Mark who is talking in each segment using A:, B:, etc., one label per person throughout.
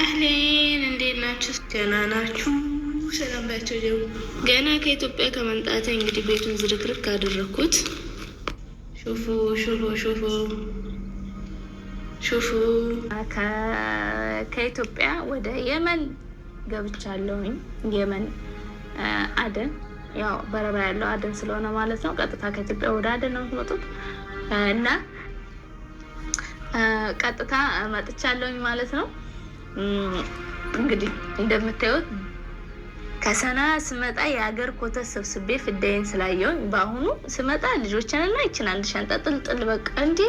A: አህሌን እንዴት ናችሁ? ገና ናችሁ? ሰላም ባቸው ጀው ገና ከኢትዮጵያ ከመምጣት እንግዲህ ቤቱን ዝርክርክ አደረግኩት። ሹፉ ሹፉ ሹፉ ሹፉ። ከኢትዮጵያ ወደ የመን ገብቻለሁኝ። የመን አደን፣ ያው በረራ ያለው አደን ስለሆነ ማለት ነው። ቀጥታ ከኢትዮጵያ ወደ አደን ነው የምትመጡት እና ቀጥታ መጥቻለሁኝ ማለት ነው። እንግዲህ እንደምታዩት ከሰና ስመጣ የሀገር ኮተት ሰብስቤ ፍዳይን ስላየውኝ በአሁኑ ስመጣ ልጆችንና ይችን አንድ ሻንጣ ጥልጥል በቃ እንዲ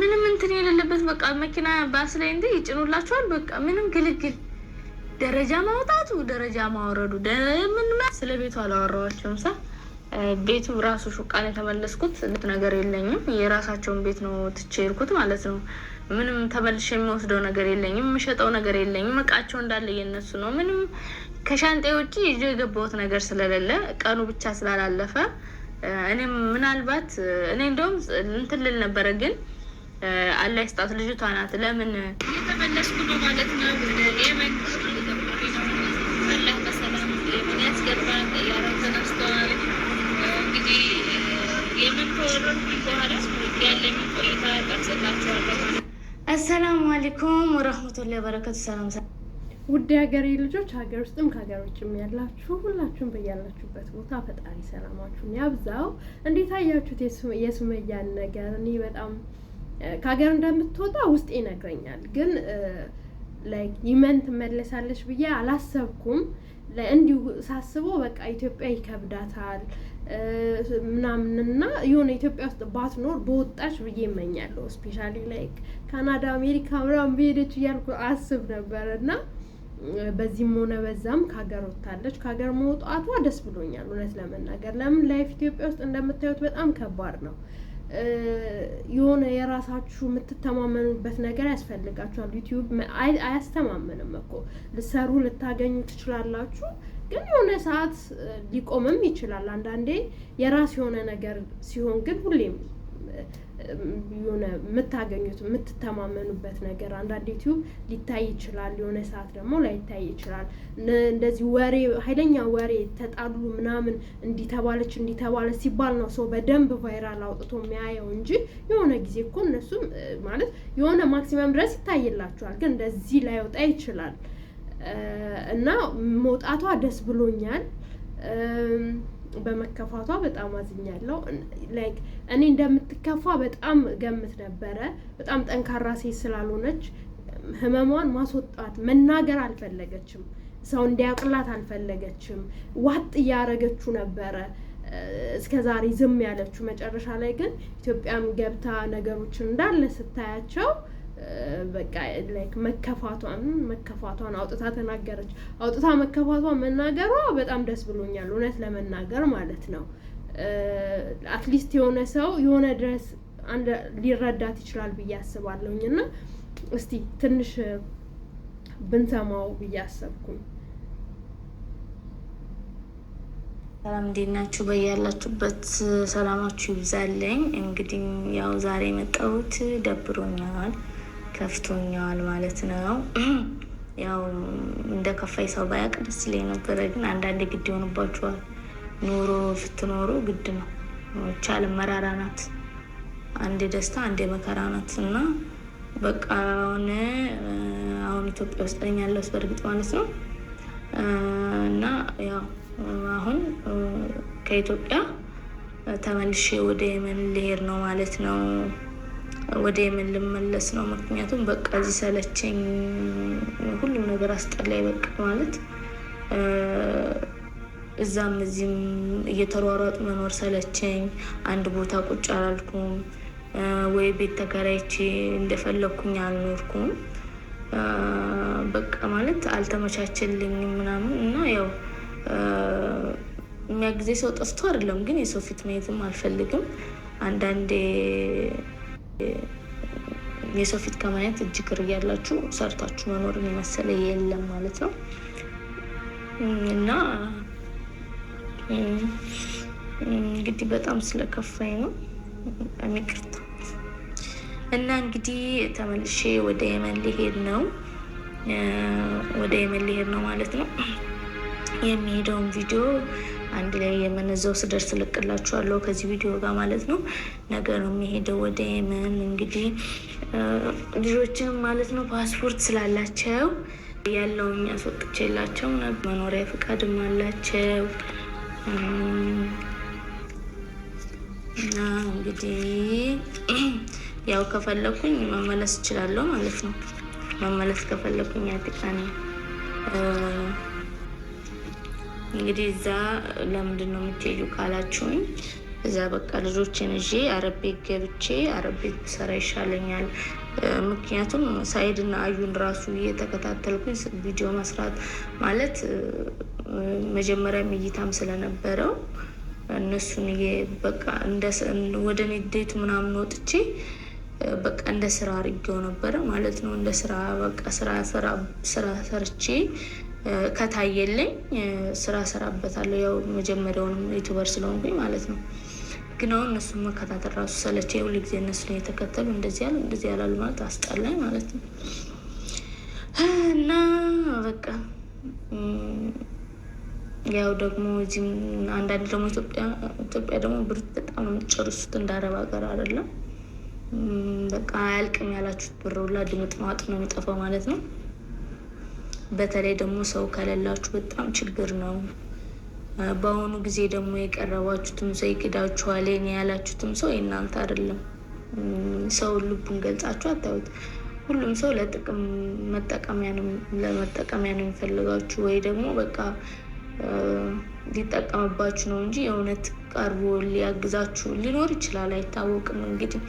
A: ምንም እንትን የሌለበት በቃ መኪና ባስ ላይ እንዲ ይጭኑላቸዋል። በቃ ምንም ግልግል ደረጃ ማውጣቱ ደረጃ ማውረዱ ምን ስለ ቤቱ አላወራኋቸውም። ሳ ቤቱ ራሱ ሹቃን የተመለስኩት ነገር የለኝም። የራሳቸውን ቤት ነው ትቼ ሄድኩት ማለት ነው። ምንም ተመልሼ የሚወስደው ነገር የለኝም። የምሸጠው ነገር የለኝም። እቃቸው እንዳለ የነሱ ነው። ምንም ከሻንጤ ውጭ ይዞ የገባሁት ነገር ስለሌለ ቀኑ ብቻ ስላላለፈ እኔም ምናልባት እኔ እንደውም እንትን ልል ነበረ፣ ግን አላህ ይስጣት ልጅቷ ናት። ለምን የተመለስኩ ነው ማለት ነው። ያለኝ ቆይታ ቀርጽላቸዋለሁ። አሰላሙ አለይኩም ወረህመቱላሂ በረከቱ። ሰላም ሰላም፣ ውድ ሀገሬ ልጆች፣ ሀገር ውስጥም ከሀገር ውጭም ያላችሁ ሁላችሁም በያላችሁበት ቦታ ፈጣሪ ሰላማችሁን ያብዛው። እንዴት አያችሁት የሱመያን ነገር? እኔ በጣም ከሀገር እንደምትወጣ ውስጤ ይነግረኛል፣ ግን ላይክ ይመን ትመለሳለች ብዬ አላሰብኩም። እንዲሁ ሳስበው በቃ ኢትዮጵያ ይከብዳታል ምናምንና የሆነ ኢትዮጵያ ውስጥ ባትኖር በወጣች ብዬ ይመኛለሁ። ስፔሻሊ ላይክ ካናዳ፣ አሜሪካ ምናምን በሄደች እያልኩ አስብ ነበር እና በዚህም ሆነ በዛም ከሀገር ወጥታለች። ከሀገር መውጣቷ ደስ ብሎኛል እውነት ለመናገር ለምን ላይፍ ኢትዮጵያ ውስጥ እንደምታዩት በጣም ከባድ ነው። የሆነ የራሳችሁ የምትተማመኑበት ነገር ያስፈልጋችኋል። ዩቲዩብ አያስተማመንም እኮ ልሰሩ ልታገኙ ትችላላችሁ፣ ግን የሆነ ሰዓት ሊቆምም ይችላል። አንዳንዴ የራስ የሆነ ነገር ሲሆን ግን ሁሌም የሆነ የምታገኙት የምትተማመኑበት ነገር አንዳንድ ዩቲዩብ ሊታይ ይችላል፣ የሆነ ሰዓት ደግሞ ላይታይ ይችላል። እንደዚህ ወሬ ኃይለኛ ወሬ ተጣሉ ምናምን እንዲተባለች እንዲተባለ ሲባል ነው ሰው በደንብ ቫይራል አውጥቶ የሚያየው እንጂ የሆነ ጊዜ እኮ እነሱም ማለት የሆነ ማክሲመም ድረስ ይታይላቸዋል፣ ግን እንደዚህ ላይወጣ ይችላል እና መውጣቷ ደስ ብሎኛል። በመከፋቷ በጣም አዝኛለሁ። ላይክ እኔ እንደምትከፋ በጣም ገምት ነበረ። በጣም ጠንካራ ሴት ስላልሆነች ህመሟን ማስወጣት መናገር አልፈለገችም። ሰው እንዲያውቅላት አልፈለገችም። ዋጥ እያረገችው ነበረ እስከ ዛሬ ዝም ያለችው። መጨረሻ ላይ ግን ኢትዮጵያም ገብታ ነገሮችን እንዳለ ስታያቸው በቃ ላይክ መከፋቷን መከፋቷን አውጥታ ተናገረች። አውጥታ መከፋቷ መናገሯ በጣም ደስ ብሎኛል፣ እውነት ለመናገር ማለት ነው። አትሊስት uh, የሆነ ሰው የሆነ ድረስ ሊረዳት ይችላል ብዬ አስባለሁኝ እና እስቲ ትንሽ ብንሰማው ብዬ አሰብኩኝ። ሰላም እንዴት ናችሁ? በያላችሁበት ሰላማችሁ ይብዛለኝ። እንግዲህ ያው ዛሬ የመጣሁት ደብሮኛል። ከፍቶኛል ማለት ነው። ያው እንደ ከፋይ ሰው ባያቅ ደስ ይለኝ ነበረ፣ ግን አንዳንዴ ግድ ይሆንባችኋል። ኑሮ ስትኖሩ ግድ ነው። ቻለ መራራ ናት። አንዴ ደስታ አንዴ መከራ ናት እና በቃ ሆነ አሁን ኢትዮጵያ ውስጥ ነኝ ያለሁት በእርግጥ ማለት ነው እና ያው አሁን ከኢትዮጵያ ተመልሼ ወደ የመን ልሄድ ነው ማለት ነው። ወደ የመን ልመለስ ነው። ምክንያቱም በቃ እዚህ ሰለቸኝ፣ ሁሉም ነገር አስጠላይ በቃ ማለት እዛም እዚህም እየተሯሯጥ መኖር ሰለቸኝ። አንድ ቦታ ቁጭ አላልኩም ወይ ቤት ተከራይቼ እንደፈለግኩኝ አልኖርኩም። በቃ ማለት አልተመቻቸልኝም ምናምን እና ያው የሚያ ጊዜ ሰው ጠፍቶ አይደለም፣ ግን የሰው ፊት ማየትም አልፈልግም አንዳንዴ የሰው ፊት ከማየት እጅግ ርግ ያላችሁ ሰርታችሁ መኖር የመሰለ የለም ማለት ነው እና እንግዲህ በጣም ስለከፋኝ ነው የሚቅርታ እና እንግዲህ ተመልሼ ወደ የመን ሊሄድ ነው ወደ የመን ሊሄድ ነው ማለት ነው የሚሄደውን ቪዲዮ አንድ ላይ የመን እዛው ስደርስ ልቅላችኋለሁ ከዚህ ቪዲዮ ጋር ማለት ነው። ነገ ነው የሚሄደው ወደ የመን እንግዲህ ልጆችም ማለት ነው ፓስፖርት ስላላቸው ያለው ያስወጥቼላቸው መኖሪያ ፈቃድም አላቸው እና እንግዲህ ያው ከፈለኩኝ መመለስ እችላለሁ ማለት ነው። መመለስ ከፈለኩኝ ነው እንግዲህ እዛ ለምንድን ነው የምትሄዱ ካላችሁኝ፣ እዛ በቃ ልጆችን ይዤ አረብ ቤት ገብቼ አረብ ቤት ብሰራ ይሻለኛል። ምክንያቱም ሳይድ እና አዩን ራሱ እየተከታተልኩኝ ቪዲዮ መስራት ማለት መጀመሪያም እይታም ስለነበረው እነሱን በቃ ወደ ንዴት ምናምን ወጥቼ በቃ እንደ ስራ አድርጌው ነበረ ማለት ነው። እንደ ስራ በቃ ስራ ስራ ሰርቼ ከታየልኝ ስራ ሰራበታለሁ። ያው መጀመሪያውንም ዩቱበር ስለሆንኩኝ ማለት ነው። ግን አሁን እነሱ መከታተል ራሱ ሰለች። የሁል ጊዜ እነሱ ነው የተከተሉ እንደዚህ ያሉ እንደዚህ ያላሉ ማለት አስጠላኝ ማለት ነው። እና በቃ ያው ደግሞ እዚህም አንዳንድ ደግሞ ኢትዮጵያ ደግሞ ብር በጣም የምትጨርሱት እንደ አረብ ሀገር አይደለም። በቃ አያልቅም ያላችሁት ብር ሁላ ድምጥ ማጥ ነው የሚጠፋው ማለት ነው። በተለይ ደግሞ ሰው ከሌላችሁ በጣም ችግር ነው። በአሁኑ ጊዜ ደግሞ የቀረባችሁትም ሰው ይክዳችኋል። የኔ ያላችሁትም ሰው የእናንተ አይደለም። ሰው ልቡን ገልጻችሁ አታዩት። ሁሉም ሰው ለጥቅም ለመጠቀሚያ ነው የሚፈልጋችሁ ወይ ደግሞ በቃ ሊጠቀምባችሁ ነው እንጂ የእውነት ቀርቦ ሊያግዛችሁ ሊኖር ይችላል፣ አይታወቅም። እንግዲህ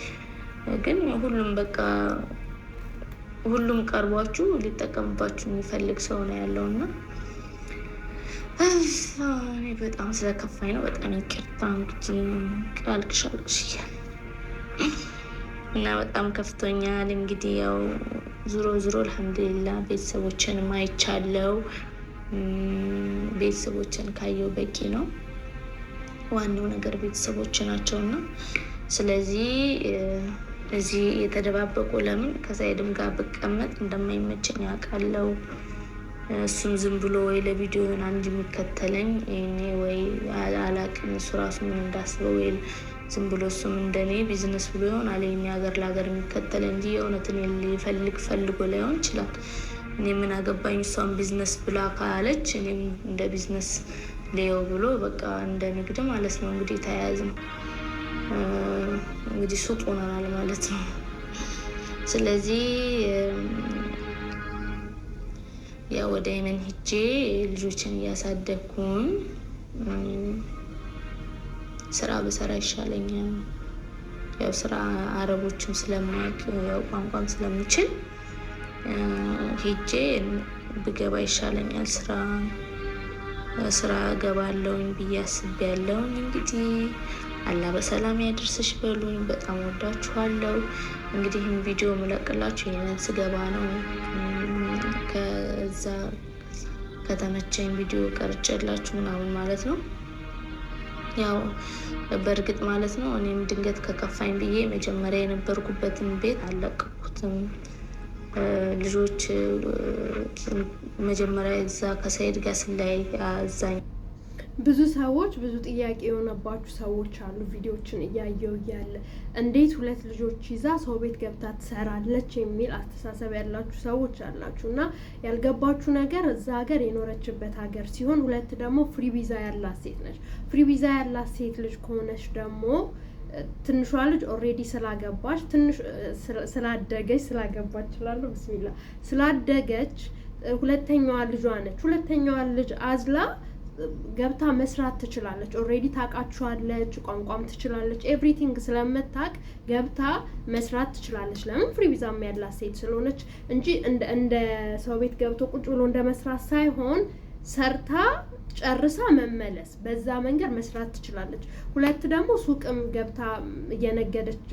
A: ግን ሁሉም በቃ ሁሉም ቀርቧችሁ ሊጠቀምባችሁ የሚፈልግ ሰው ነው ያለው እና እኔ በጣም ስለከፋኝ ነው። በጣም ይቅርታ እንግዲህ አልቅሻለሁ እና በጣም ከፍቶኛል። እንግዲህ ያው ዙሮ ዙሮ አልሐምዱሊላ ቤተሰቦችን ማይቻለው ቤተሰቦችን ካየው በቂ ነው። ዋናው ነገር ቤተሰቦች ናቸው እና ስለዚህ እዚህ የተደባበቁ ለምን ከዛይድም ጋር ብቀመጥ እንደማይመቸኝ አውቃለሁ። እሱም ዝም ብሎ ወይ ለቪዲዮ ይሆናል እንጂ የሚከተለኝ ይሄኔ ወይ አላቅም። እሱ ራሱ ምን እንዳስበው ወይ ዝም ብሎ እሱም እንደኔ ቢዝነስ ብሎ አለ ይሆናል ሀገር ለሀገር የሚከተለ እንጂ የእውነትን ሊፈልግ ፈልጎ ላይሆን ይችላል። እኔ ምን አገባኝ? እሷን ቢዝነስ ብላ ካለች እኔም እንደ ቢዝነስ ሌየው ብሎ በቃ እንደ ንግድ ማለት ነው እንግዲህ ተያያዝ ነው። እንግዲህ ሱቅ ሆነናል ማለት ነው። ስለዚህ ያው ወደ የመን ሂጄ ልጆችን እያሳደግኩኝ ስራ ብሰራ ይሻለኛል። ያው ስራ አረቦችም ስለማያውቅ ያው ቋንቋም ስለምችል ሄጄ ብገባ ይሻለኛል። ስራ ስራ ገባለውኝ ብዬ አስቤያለውኝ እንግዲህ አላህ በሰላም ያድርስሽ በሉኝ። በጣም ወዳችኋለሁ። እንግዲህ ይህን ቪዲዮ ምለቅላችሁ ይህንን ስገባ ነው። ከዛ ከተመቸኝ ቪዲዮ ቀርጬላችሁ ምናምን ማለት ነው። ያው በእርግጥ ማለት ነው እኔም ድንገት ከከፋኝ ብዬ መጀመሪያ የነበርኩበትን ቤት አለቅኩትም። ልጆች መጀመሪያ እዛ ከሰይድ ጋር ስላይ አዛኝ ብዙ ሰዎች ብዙ ጥያቄ የሆነባችሁ ሰዎች አሉ። ቪዲዮችን እያየው እያለ እንዴት ሁለት ልጆች ይዛ ሰው ቤት ገብታ ትሰራለች የሚል አስተሳሰብ ያላችሁ ሰዎች አላችሁ እና ያልገባችሁ ነገር እዛ ሀገር የኖረችበት ሀገር ሲሆን ሁለት ደግሞ ፍሪ ቪዛ ያላት ሴት ነች። ፍሪ ቪዛ ያላት ሴት ልጅ ከሆነች ደግሞ ትንሿ ልጅ ኦሬዲ ስላገባች ትንሽ ስላደገች ስላገባች ይችላሉ ብስሚላ ስላደገች ሁለተኛዋ ልጇ ነች። ሁለተኛዋ ልጅ አዝላ ገብታ መስራት ትችላለች። ኦልሬዲ ታውቃችኋለች፣ ቋንቋም ትችላለች፣ ኤቭሪቲንግ ስለምታውቅ ገብታ መስራት ትችላለች። ለምን ፍሪ ቪዛም ያላት ሴት ስለሆነች እንጂ እንደ ሰው ቤት ገብቶ ቁጭ ብሎ እንደ መስራት ሳይሆን ሰርታ ጨርሳ መመለስ በዛ መንገድ መስራት ትችላለች። ሁለት ደግሞ ሱቅም ገብታ እየነገደች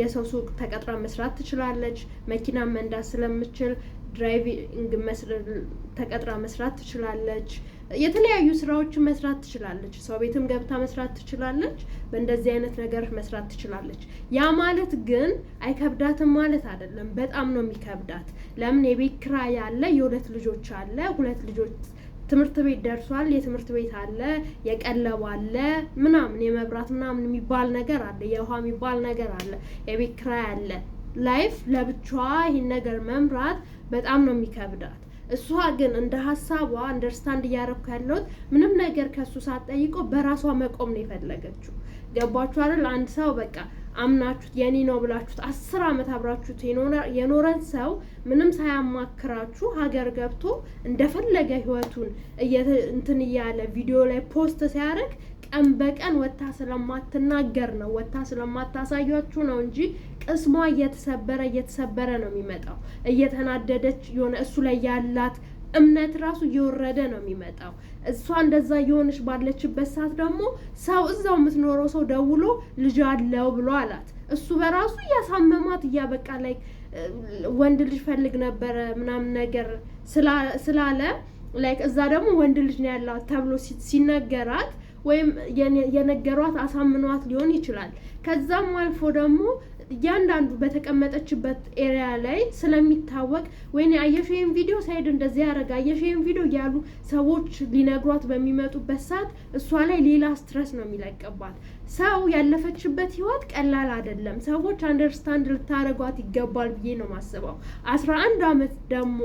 A: የሰው ሱቅ ተቀጥራ መስራት ትችላለች። መኪና መንዳት ስለምችል ድራይቪንግ ተቀጥራ መስራት ትችላለች። የተለያዩ ስራዎችን መስራት ትችላለች። ሰው ቤትም ገብታ መስራት ትችላለች። በእንደዚህ አይነት ነገር መስራት ትችላለች። ያ ማለት ግን አይከብዳትም ማለት አይደለም። በጣም ነው የሚከብዳት። ለምን የቤት ኪራይ አለ፣ የሁለት ልጆች አለ፣ ሁለት ልጆች ትምህርት ቤት ደርሷል። የትምህርት ቤት አለ፣ የቀለብ አለ፣ ምናምን የመብራት ምናምን የሚባል ነገር አለ፣ የውሃ የሚባል ነገር አለ፣ የቤት ኪራይ አለ። ላይፍ ለብቻዋ ይህን ነገር መምራት በጣም ነው የሚከብዳት። እሷ ግን እንደ ሀሳቧ አንደርስታንድ እያረኩ ያለሁት ምንም ነገር ከሱ ሳትጠይቀው በራሷ መቆም ነው የፈለገችው። ገባችሁ አይደል? አንድ ሰው በቃ አምናችሁት የኔ ነው ብላችሁት አስር አመት አብራችሁት የኖረን ሰው ምንም ሳያማክራችሁ ሀገር ገብቶ እንደፈለገ ህይወቱን እንትን እያለ ቪዲዮ ላይ ፖስት ሲያደርግ ቀን በቀን ወታ ስለማትናገር ነው፣ ወታ ስለማታሳያችሁ ነው እንጂ ቅስሟ እየተሰበረ እየተሰበረ ነው የሚመጣው። እየተናደደች የሆነ እሱ ላይ ያላት እምነት ራሱ እየወረደ ነው የሚመጣው። እሷ እንደዛ እየሆነች ባለችበት ሰዓት ደግሞ ሰው እዛው የምትኖረው ሰው ደውሎ ልጅ አለው ብሎ አላት። እሱ በራሱ እያሳመማት እያበቃ ላይ ወንድ ልጅ ፈልግ ነበረ ምናምን ነገር ስላለ ላይክ እዛ ደግሞ ወንድ ልጅ ነው ያላት ተብሎ ሲነገራት ወይም የነገሯት አሳምኗት ሊሆን ይችላል። ከዛም አልፎ ደግሞ እያንዳንዱ በተቀመጠችበት ኤሪያ ላይ ስለሚታወቅ ወይኔ አየሽን ቪዲዮ ሳይድ እንደዚህ ያደረገ አየሽን ቪዲዮ እያሉ ሰዎች ሊነግሯት በሚመጡበት ሰዓት እሷ ላይ ሌላ ስትረስ ነው የሚለቅባት። ሰው ያለፈችበት ህይወት ቀላል አይደለም። ሰዎች አንደርስታንድ ልታደረጓት ይገባል ብዬ ነው ማስበው። አስራ አንድ አመት ደግሞ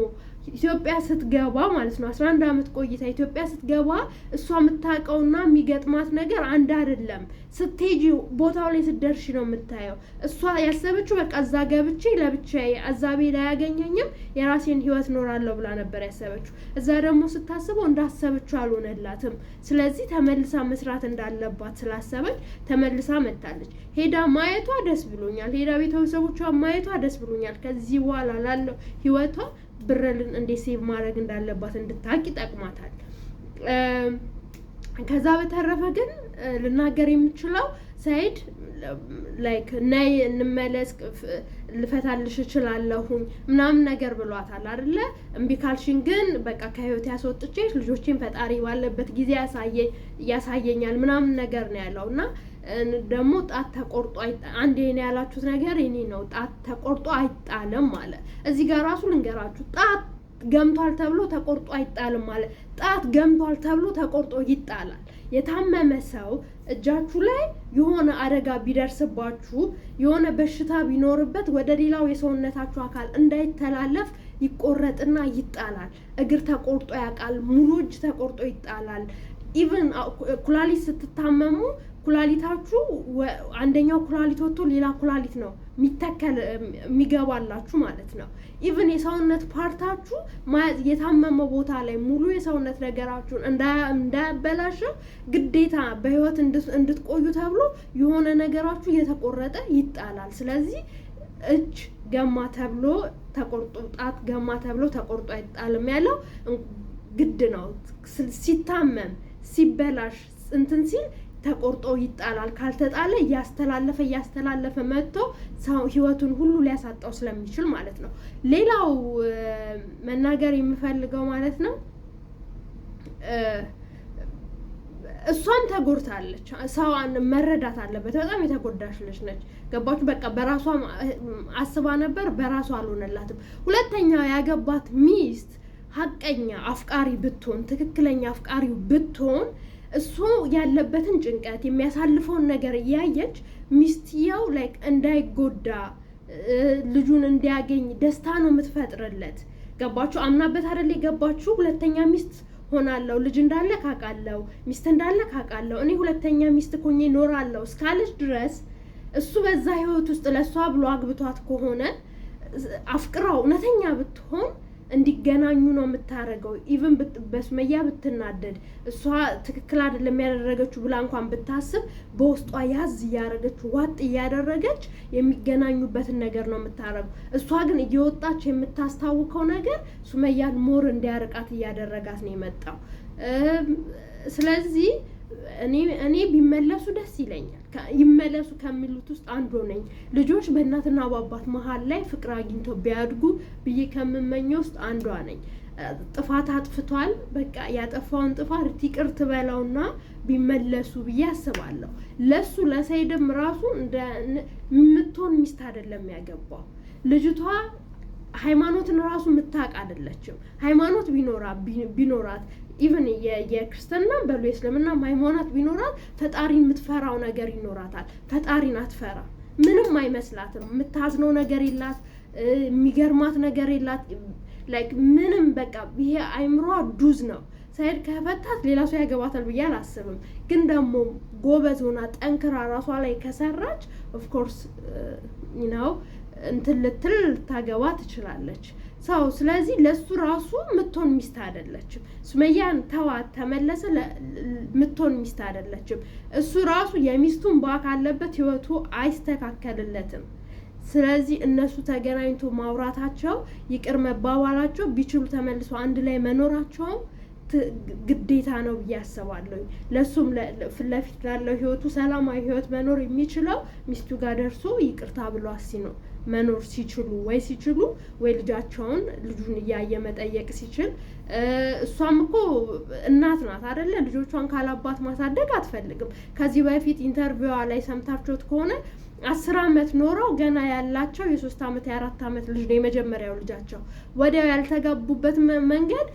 A: ኢትዮጵያ ስትገባ ማለት ነው አስራ አንድ አመት ቆይታ ኢትዮጵያ ስትገባ እሷ የምታውቀውና የሚገጥማት ነገር አንድ አይደለም። ስትሄጂ ቦታው ላይ ስትደርሺ ነው የምታየው። እሷ ያሰበችው በቃ እዛ ገብቼ ለብቻ አዛቤ ላይ አያገኘኝም የራሴን ህይወት ኖራለሁ ብላ ነበር ያሰበችው። እዛ ደግሞ ስታስበው እንዳሰበችው አልሆነላትም። ስለዚህ ተመልሳ መስራት እንዳለባት ስላሰበች ተመልሳ መታለች። ሄዳ ማየቷ ደስ ብሎኛል። ሄዳ ቤተሰቦቿ ማየቷ ደስ ብሎኛል። ከዚህ በኋላ ላለው ህይወቷ ብረልን እንዴት ሴቭ ማድረግ እንዳለባት እንድታቅ ይጠቅማታል። ከዛ በተረፈ ግን ልናገር የምችለው ሰይድ ላይክ ነይ እንመለስ ልፈታልሽ እችላለሁኝ ምናምን ነገር ብሏታል አይደለ? እምቢ ካልሽኝ ግን በቃ ከህይወት ያስወጥቼ ልጆቼን ፈጣሪ ባለበት ጊዜ ያሳየኛል ምናምን ነገር ነው ያለው እና ደግሞ ጣት ተቆርጦ አንድ የኔ ያላችሁት ነገር ይኔ ነው። ጣት ተቆርጦ አይጣልም አለ። እዚህ ጋር ራሱ ልንገራችሁ ጣት ገምቷል ተብሎ ተቆርጦ አይጣልም ማለት ጣት ገምቷል ተብሎ ተቆርጦ ይጣላል። የታመመ ሰው እጃችሁ ላይ የሆነ አደጋ ቢደርስባችሁ የሆነ በሽታ ቢኖርበት ወደ ሌላው የሰውነታችሁ አካል እንዳይተላለፍ ይቆረጥና ይጣላል። እግር ተቆርጦ ያውቃል። ሙሉ እጅ ተቆርጦ ይጣላል። ኢቭን ኩላሊት ስትታመሙ ኩላሊታችሁ አንደኛው ኩላሊት ወጥቶ ሌላ ኩላሊት ነው የሚተከል የሚገባላችሁ ማለት ነው። ኢቭን የሰውነት ፓርታችሁ የታመመ ቦታ ላይ ሙሉ የሰውነት ነገራችሁን እንዳያበላሸው ግዴታ በህይወት እንድትቆዩ ተብሎ የሆነ ነገራችሁ እየተቆረጠ ይጣላል። ስለዚህ እጅ ገማ ተብሎ ተቆርጦ፣ ጣት ገማ ተብሎ ተቆርጦ አይጣልም ያለው ግድ ነው። ሲታመም ሲበላሽ እንትን ሲል ተቆርጦ ይጣላል። ካልተጣለ እያስተላለፈ እያስተላለፈ መጥቶ ሰው ህይወቱን ሁሉ ሊያሳጣው ስለሚችል ማለት ነው። ሌላው መናገር የምፈልገው ማለት ነው እሷም ተጎድታለች። ሰው መረዳት አለበት። በጣም የተጎዳሽ ልጅ ነች። ገባችሁ? በቃ በራሷ አስባ ነበር፣ በራሷ አልሆነላትም። ሁለተኛ ያገባት ሚስት ሀቀኛ አፍቃሪ ብትሆን፣ ትክክለኛ አፍቃሪው ብትሆን እሱ ያለበትን ጭንቀት የሚያሳልፈውን ነገር እያየች ሚስትየው ላይ እንዳይጎዳ ልጁን እንዲያገኝ ደስታ ነው የምትፈጥርለት። ገባችሁ? አምናበት አደል የገባችሁ? ሁለተኛ ሚስት ሆናለሁ ልጅ እንዳለ ካቃለው ሚስት እንዳለ ካቃለው እኔ ሁለተኛ ሚስት ኮኜ ኖራለሁ እስካለች ድረስ እሱ በዛ ህይወት ውስጥ ለእሷ ብሎ አግብቷት ከሆነ አፍቅራው እውነተኛ ብትሆን እንዲገናኙ ነው የምታደርገው። ኢቭን በሱመያ ብትናደድ እሷ ትክክል አይደለም ያደረገችው ብላ እንኳን ብታስብ በውስጧ ያዝ እያደረገች ዋጥ እያደረገች የሚገናኙበትን ነገር ነው የምታደርገው። እሷ ግን እየወጣች የምታስታውከው ነገር ሱመያን ሞር እንዲያርቃት እያደረጋት ነው የመጣው። ስለዚህ እኔ ቢመለሱ ደስ ይለኛል። ይመለሱ ከሚሉት ውስጥ አንዱ ነኝ። ልጆች በእናትና በአባት መሀል ላይ ፍቅር አግኝቶ ቢያድጉ ብዬ ከምመኘው ውስጥ አንዷ ነኝ። ጥፋት አጥፍቷል፣ በቃ ያጠፋውን ጥፋት ይቅር ትበለውና ቢመለሱ ብዬ አስባለሁ። ለሱ ለሰይድም ራሱ የምትሆን ሚስት አይደለም ያገባው ልጅቷ ሃይማኖትን ራሱ የምታውቅ አይደለችም። ሃይማኖት ቢኖራት ኢቨን የክርስትና በሉ የእስልምና ሃይማኖት ቢኖራት ፈጣሪ የምትፈራው ነገር ይኖራታል። ፈጣሪን አትፈራ፣ ምንም አይመስላትም። የምታዝነው ነገር የላት፣ የሚገርማት ነገር የላት። ላይክ ምንም በቃ ይሄ አይምሯ ዱዝ ነው። ሳይድ ከፈታት ሌላ ሰው ያገባታል ብዬ አላስብም። ግን ደግሞ ጎበዝ ሆና ጠንክራ ራሷ ላይ ከሰራች ኦፍኮርስ ነው እንትን ልትል ታገባ ትችላለች። ሰው ስለዚህ ለሱ ራሱ ምትሆን ሚስት አይደለችም። ሱመያን ተዋት ተመለሰ ምትሆን ሚስት አይደለችም። እሱ ራሱ የሚስቱን ባክ አለበት፣ ህይወቱ አይስተካከልለትም። ስለዚህ እነሱ ተገናኝቶ ማውራታቸው ይቅር መባባላቸው ቢችሉ ተመልሶ አንድ ላይ መኖራቸውም ግዴታ ነው ብዬ አስባለሁ። ለእሱም ፊት ለፊት ላለው ህይወቱ ሰላማዊ ህይወት መኖር የሚችለው ሚስቱ ጋር ደርሶ ይቅርታ ብሎ አሲ ነው መኖር ሲችሉ ወይ ሲችሉ ወይ ልጃቸውን ልጁን እያየ መጠየቅ ሲችል እሷም እኮ እናት ናት አደለ? ልጆቿን ካላባት ማሳደግ አትፈልግም። ከዚህ በፊት ኢንተርቪዋ ላይ ሰምታችሁት ከሆነ አስር አመት ኖረው ገና ያላቸው የሶስት አመት የአራት አመት ልጅ ነው የመጀመሪያው ልጃቸው። ወዲያው ያልተጋቡበት መንገድ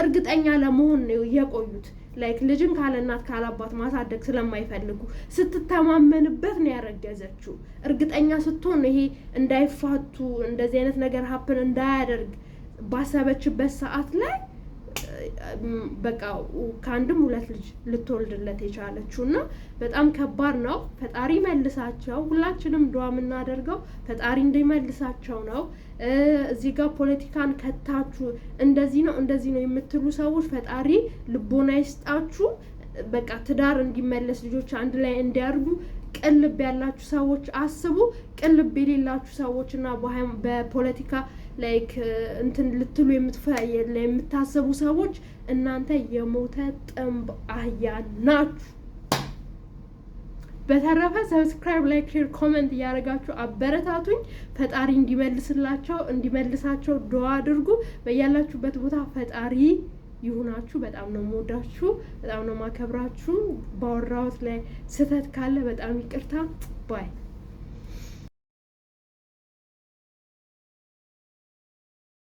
A: እርግጠኛ ለመሆን ነው የቆዩት። ላይክ ልጅን ካለ እናት ካለ አባት ማሳደግ ስለማይፈልጉ ስትተማመንበት ነው ያረገዘችው። እርግጠኛ ስትሆን ይሄ እንዳይፋቱ እንደዚህ አይነት ነገር ሀፕን እንዳያደርግ ባሰበችበት ሰዓት ላይ በቃ ከአንድም ሁለት ልጅ ልትወልድለት የቻለችው እና በጣም ከባድ ነው። ፈጣሪ መልሳቸው፣ ሁላችንም ዱዓ የምናደርገው ፈጣሪ እንዲመልሳቸው ነው። እዚህ ጋር ፖለቲካን ከታችሁ እንደዚህ ነው እንደዚህ ነው የምትሉ ሰዎች ፈጣሪ ልቦና ይስጣችሁ። በቃ ትዳር እንዲመለስ ልጆች አንድ ላይ እንዲያርጉ ቅልብ ያላችሁ ሰዎች አስቡ። ቅልብ የሌላችሁ ሰዎች እና በፖለቲካ ላይክ እንትን ልትሉ የምታስቡ ሰዎች እናንተ የሞተ ጥንብ አህያ ናችሁ። በተረፈ ሰብስክራይብ፣ ላይክ፣ ሼር፣ ኮመንት እያደረጋችሁ አበረታቱኝ። ፈጣሪ እንዲመልስላቸው እንዲመልሳቸው ዱዓ አድርጉ። በያላችሁበት ቦታ ፈጣሪ ይሁናችሁ። በጣም ነው የምወዳችሁ፣ በጣም ነው ማከብራችሁ። ባወራሁት ላይ ስህተት ካለ በጣም ይቅርታ ባይ